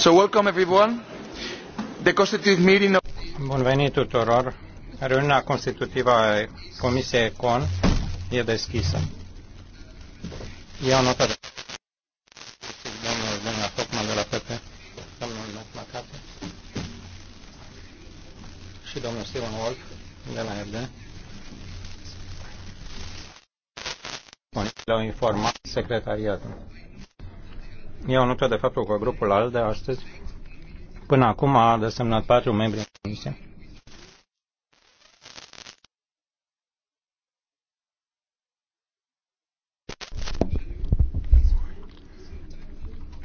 So welcome everyone. The constitutive meeting of... Bun venit tuturor. Reuniunea constitutivă a Comisiei Econ e deschisă. Iau notă de domnul Dana de la PP, domnul Macate și domnul Steven Wolf de la RD. L-au informat secretariatul. Eu nu de faptul că grupul ALDE astăzi până acum a desemnat patru membri în comisie.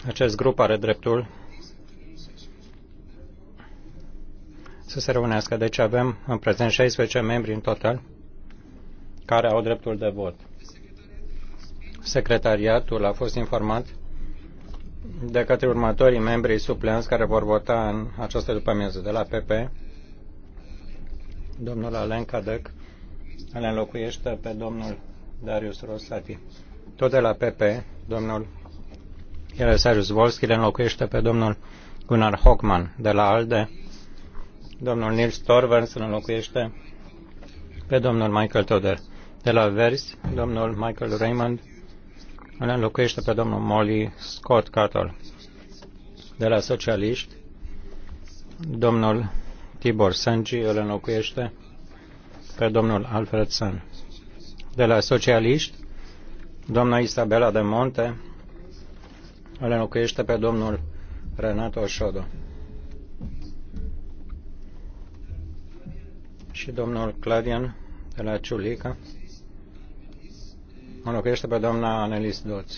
Acest grup are dreptul să se reunească. Deci avem în prezent 16 membri în total care au dreptul de vot. Secretariatul a fost informat de către următorii membrii supleanți care vor vota în această după-amiază de la PP. Domnul Alen Cadec îl înlocuiește pe domnul Darius Rosati. Tot de la PP, domnul Ieresarius Volski îl înlocuiește pe domnul Gunnar Hockman de la ALDE. Domnul Nils Torvens îl înlocuiește pe domnul Michael Toder. De la Vers, domnul Michael Raymond îl înlocuiește pe domnul Molly Scott Cattle de la Socialiști. Domnul Tibor Sanci îl înlocuiește pe domnul Alfred San. De la Socialiști, doamna Isabela de Monte îl înlocuiește pe domnul Renato Oșodo. Și domnul Claudian de la Ciulica înlocuiește pe doamna Annelies Doț.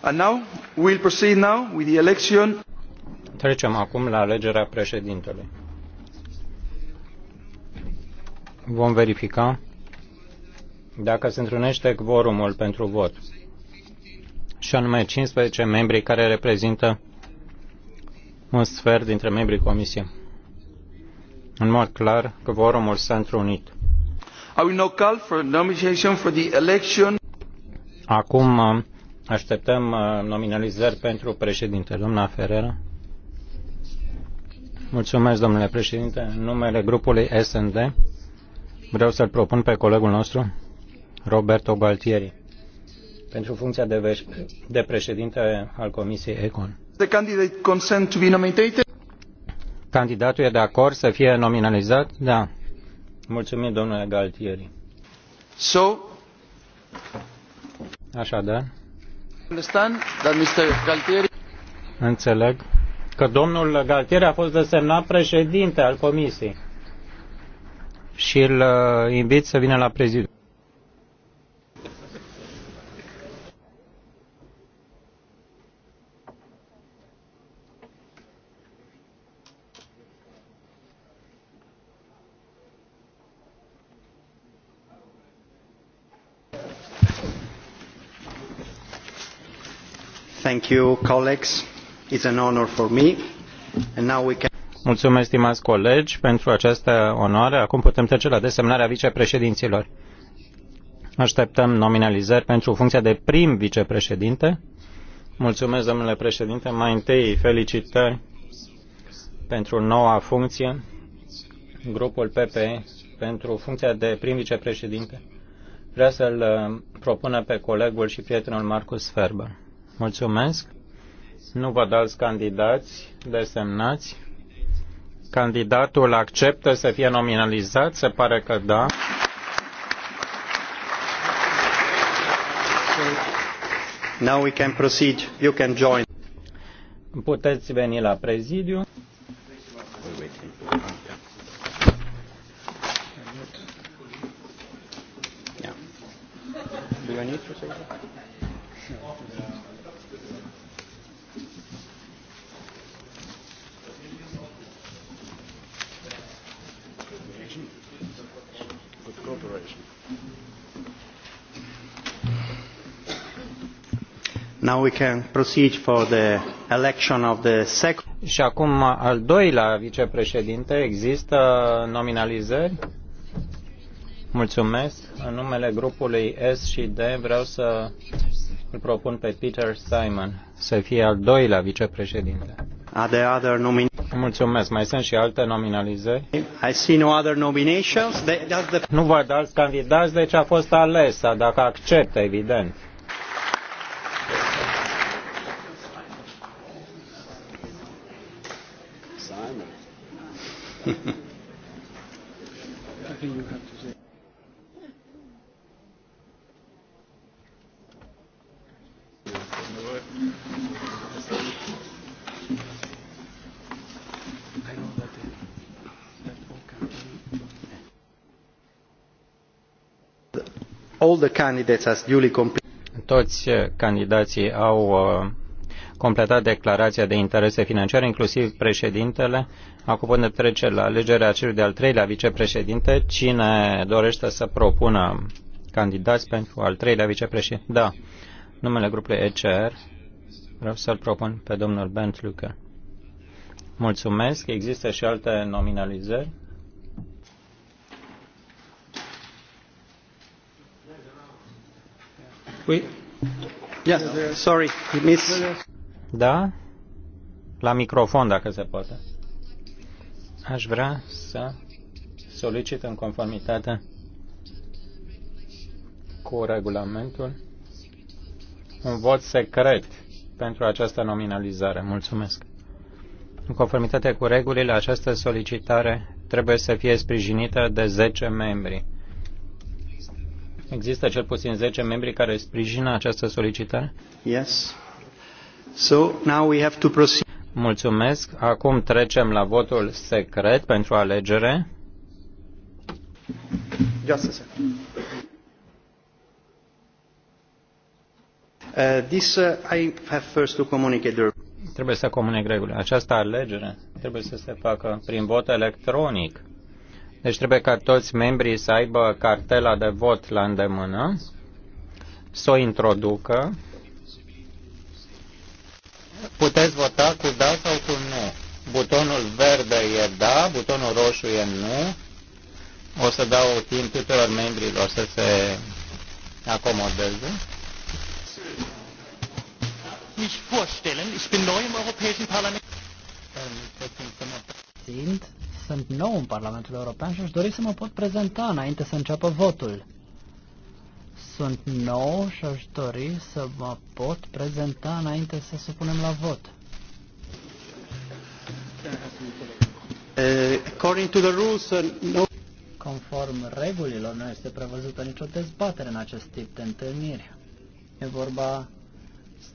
And now we'll proceed now with the election. Trecem acum la alegerea președintelui. Vom verifica dacă se întrunește quorumul pentru vot. Și anume 15 membri care reprezintă un sfert dintre membrii comisiei în mod clar că vorumul s-a întrunit. Acum uh, așteptăm uh, nominalizări pentru președinte. Doamna Ferreira. Mulțumesc, domnule președinte. În numele grupului SND vreau să-l propun pe colegul nostru, Roberto Galtieri, pentru funcția de, de președinte al Comisiei ECON. The candidate consent to be nominated? Candidatul e de acord să fie nominalizat? Da. Mulțumim, domnule Galtieri. So, Așadar, understand that Mr. Galtieri... înțeleg că domnul Galtieri a fost desemnat președinte al comisiei și îl uh, invit să vină la prezidiu. Mulțumesc, stimați colegi, pentru această onoare. Acum putem trece la desemnarea vicepreședinților. Așteptăm nominalizări pentru funcția de prim vicepreședinte. Mulțumesc, domnule președinte. Mai întâi, felicitări pentru noua funcție, grupul PPE, pentru funcția de prim vicepreședinte. Vreau să-l uh, propună pe colegul și prietenul Marcus Ferber. Mulțumesc. Nu văd dați candidați desemnați. Candidatul acceptă să fie nominalizat? Se pare că da. Now we can proceed. You can join. Puteți veni la prezidiu. Now we can proceed for the election of the second. Și acum al doilea vicepreședinte, există nominalizări? Mulțumesc. În numele grupului S și D vreau să îl propun pe Peter Simon să fie al doilea vicepreședinte. Are there other nomin- Mulțumesc. Mai sunt și alte nominalizări? I see no other nominations. the... Nu văd alți candidați, deci a fost alesă, dacă acceptă, evident. all the candidates duly Toți eh, candidații au eh, completat declarația de interese financiare, inclusiv președintele. Acum ne trece la alegerea celui de-al treilea vicepreședinte. Cine dorește să propună candidați pentru al treilea vicepreședinte? Da. Numele grupului ECR. Vreau să-l propun pe domnul Bent Luca. Mulțumesc. Există și alte nominalizări? Yes, sorry, miss. Da? La microfon, dacă se poate. Aș vrea să solicit în conformitate cu regulamentul un vot secret pentru această nominalizare. Mulțumesc. În conformitate cu regulile, această solicitare trebuie să fie sprijinită de 10 membri. Există cel puțin 10 membri care sprijină această solicitare? Yes. So now we have to proceed. Mulțumesc. Acum trecem la votul secret pentru alegere. Just a second. Uh, this uh, I have first to communicate the... Trebuie să comunic regulile. Această alegere trebuie să se facă prin vot electronic deci trebuie ca toți membrii să aibă cartela de vot la îndemână, să o introducă. Puteți vota cu da sau cu nu. Butonul verde e da, butonul roșu e nu. O să dau timp tuturor membrilor să se acomodeze. Mich vorstellen, ich bin neu im Europäischen Parlament. Sunt nou în Parlamentul European și aș dori să mă pot prezenta înainte să înceapă votul. Sunt nou și aș dori să mă pot prezenta înainte să supunem la vot. Eh, according to the rules, uh, no... Conform regulilor, nu este prevăzută nicio dezbatere în acest tip de întâlniri. E vorba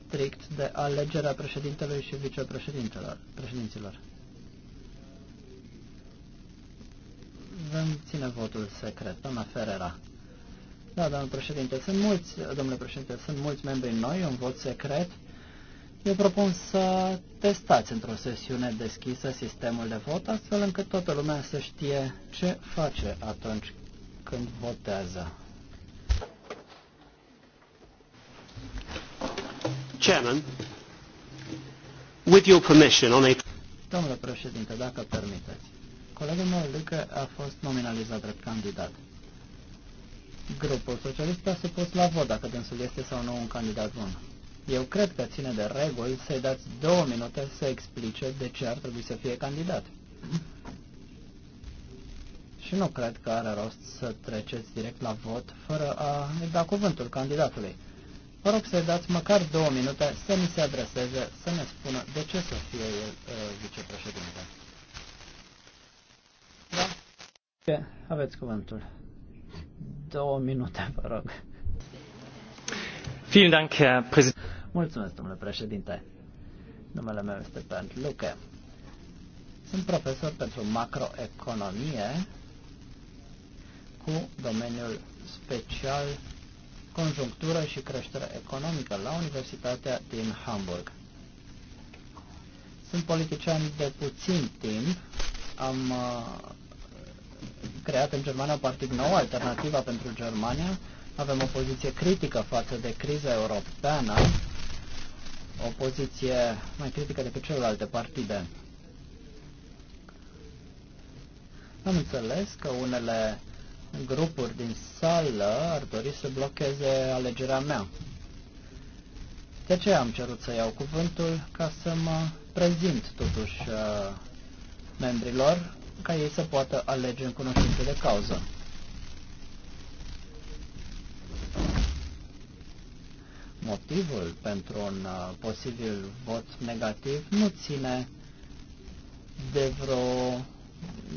strict de alegerea președintelui și vicepreședintelor, președinților. Vom ține votul secret. Doamna Ferrera. Da, domnul președinte, sunt mulți, domnule președinte, sunt mulți membri noi, un vot secret. Eu propun să testați într-o sesiune deschisă sistemul de vot, astfel încât toată lumea să știe ce face atunci când votează. Chairman, with your permission on a... Domnule președinte, dacă permiteți. Colegul meu, Lucă, a fost nominalizat drept candidat. Grupul socialist a supus la vot dacă dânsul este sau nu un candidat bun. Eu cred că ține de reguli să-i dați două minute să explice de ce ar trebui să fie candidat. Și nu cred că are rost să treceți direct la vot fără a da cuvântul candidatului. Vă rog să-i dați măcar două minute să mi se adreseze, să ne spună de ce să fie el uh, vicepreședinte. Aveți cuvântul. Două minute, vă rog. Mulțumesc, domnule președinte. Numele meu este Bernd Luke. Sunt profesor pentru macroeconomie cu domeniul special conjunctură și creștere economică la Universitatea din Hamburg. Sunt politician de puțin timp, am uh, creat în Germania un partid nou, Alternativa pentru Germania. Avem o poziție critică față de criza europeană, o poziție mai critică decât celelalte partide. Am înțeles că unele grupuri din sală ar dori să blocheze alegerea mea. De ce am cerut să iau cuvântul? Ca să mă prezint totuși uh, membrilor ca ei să poată alege în cunoștință de cauză. Motivul pentru un uh, posibil vot negativ nu ține de vreo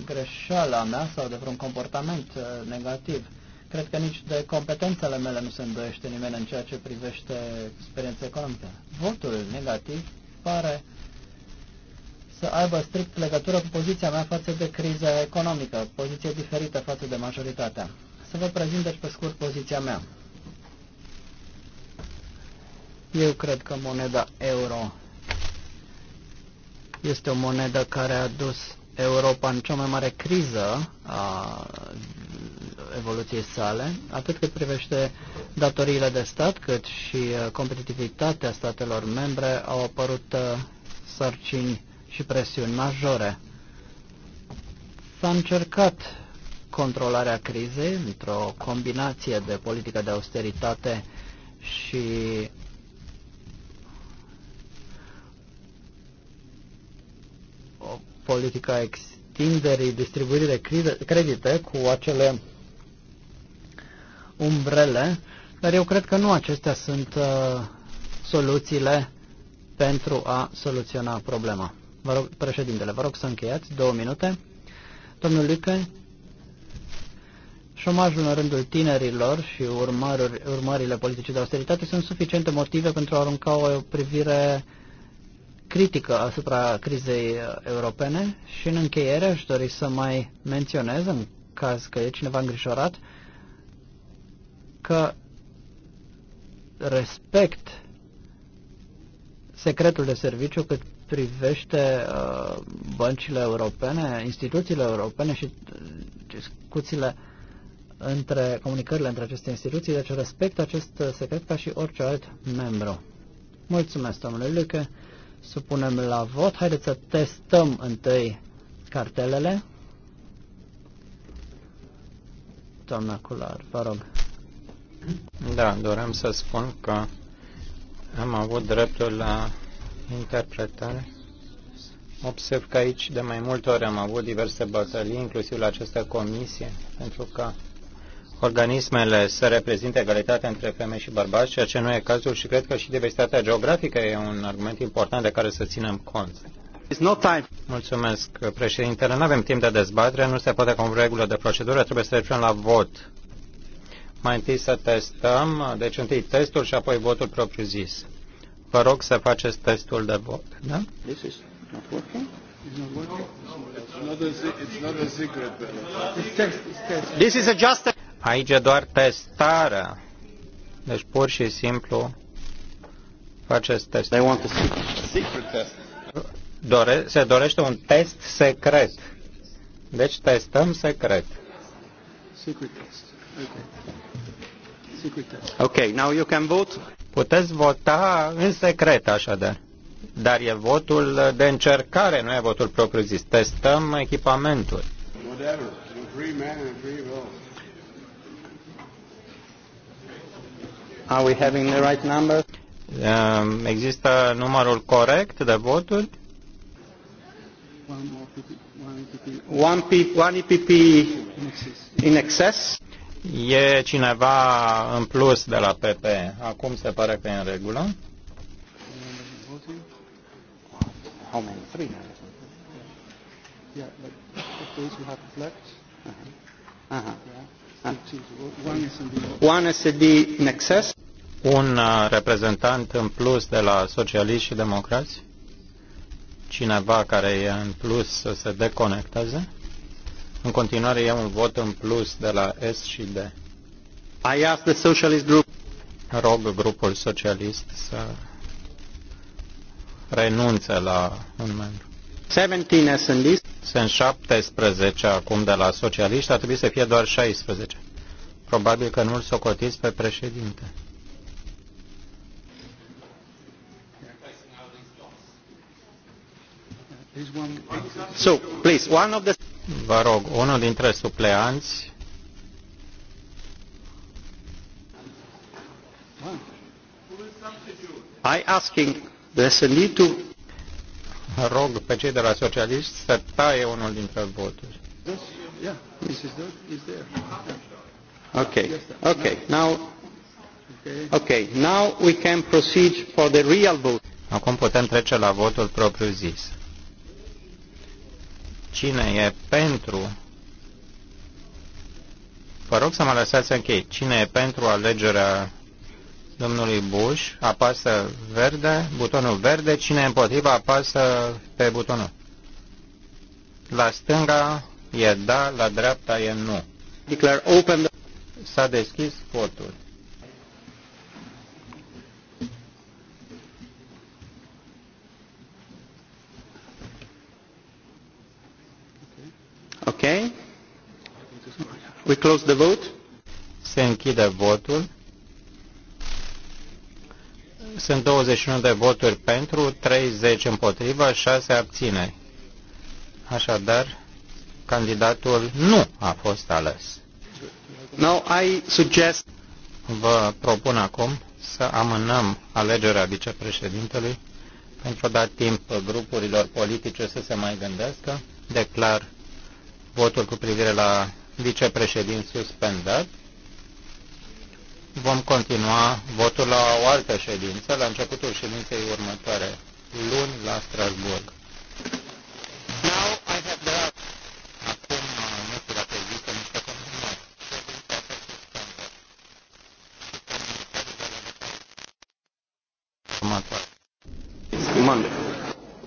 greșeală a mea sau de vreun comportament uh, negativ. Cred că nici de competențele mele nu se îndoiește nimeni în ceea ce privește experiența economică. Votul negativ pare să aibă strict legătură cu poziția mea față de criza economică, poziție diferită față de majoritatea. Să vă prezint deci pe scurt poziția mea. Eu cred că moneda euro este o monedă care a dus Europa în cea mai mare criză a evoluției sale, atât cât privește datoriile de stat, cât și uh, competitivitatea statelor membre, au apărut uh, sarcini și presiuni majore. S-a încercat controlarea crizei într-o combinație de politică de austeritate și o politică extinderii distribuirii de credite cu acele umbrele, dar eu cred că nu acestea sunt uh, soluțiile pentru a soluționa problema. Vă rog, președintele, vă rog să încheiați. Două minute. Domnul Lică, șomajul în rândul tinerilor și urmări, urmările politicii de austeritate sunt suficiente motive pentru a arunca o privire critică asupra crizei uh, europene și în încheiere aș dori să mai menționez, în caz că e cineva îngrijorat, că respect secretul de serviciu cât privește uh, băncile europene, instituțiile europene și uh, discuțiile între comunicările între aceste instituții, deci respect acest secret ca și orice alt membru. Mulțumesc, domnule Lucă. Supunem la vot. Haideți să testăm întâi cartelele. Doamna Cular, vă rog. Da, doream să spun că am avut dreptul la interpretare. Observ că aici de mai multe ori am avut diverse bătălii, inclusiv la această comisie, pentru că organismele să reprezinte egalitatea între femei și bărbați, ceea ce nu e cazul și cred că și diversitatea geografică e un argument important de care să ținem cont. No time. Mulțumesc, președintele. Nu avem timp de dezbatere, nu se poate conform regulă de procedură, trebuie să trecem la vot. Mai întâi să testăm, deci întâi testul și apoi votul propriu-zis. Vă rog să faceți testul de vot. Da? This is not working. This is a Aici e doar testarea. Deci pur și simplu faceți test. They want a secret test. Dore se dorește un test secret. Deci testăm secret. Secret test. Okay. Ok, now you can vote. Puteți vota în secret, așadar. Dar e votul de încercare, nu e votul propriu zis. Testăm echipamentul. Are we having the right number? Um, există numărul corect de voturi? One, PP, one, EPP, one, PP, one EPP in excess. E cineva în plus de la PP. Acum se pare că e în regulă. SD uh-huh. uh-huh. Un uh, reprezentant în plus de la socialiști și democrați? Cineva care e în plus să se deconecteze? În continuare e un vot în plus de la S și D. I ask the socialist group. Rog grupul socialist să renunțe la un membru. 17 Sunt 17 acum de la socialiști, ar trebui să fie doar 16. Probabil că nu-l socotiți pe președinte. So, please, one of the... Vă rog, unul dintre supleanți. I asking there's a need to rog pe cei de la socialiști să taie unul dintre voturi. Okay, okay, now, okay, now we can proceed for the real vote. Acum putem trece la votul propriu-zis. Cine e pentru? Vă rog să mă lăsați închei. Cine e pentru alegerea domnului Bush? Apasă verde, butonul verde. Cine e împotriva? Apasă pe butonul. La stânga e da, la dreapta e nu. S-a deschis votul. We close the vote. Se închide votul. Sunt 21 de voturi pentru, 30 împotrivă, 6 abține. Așadar, candidatul nu a fost ales. Now I suggest... Vă propun acum să amânăm alegerea vicepreședintelui pentru a da timp grupurilor politice să se mai gândească. Declar votul cu privire la vicepreședinți suspendat. Vom continua votul la o altă ședință, la începutul ședinței următoare, luni la Strasburg.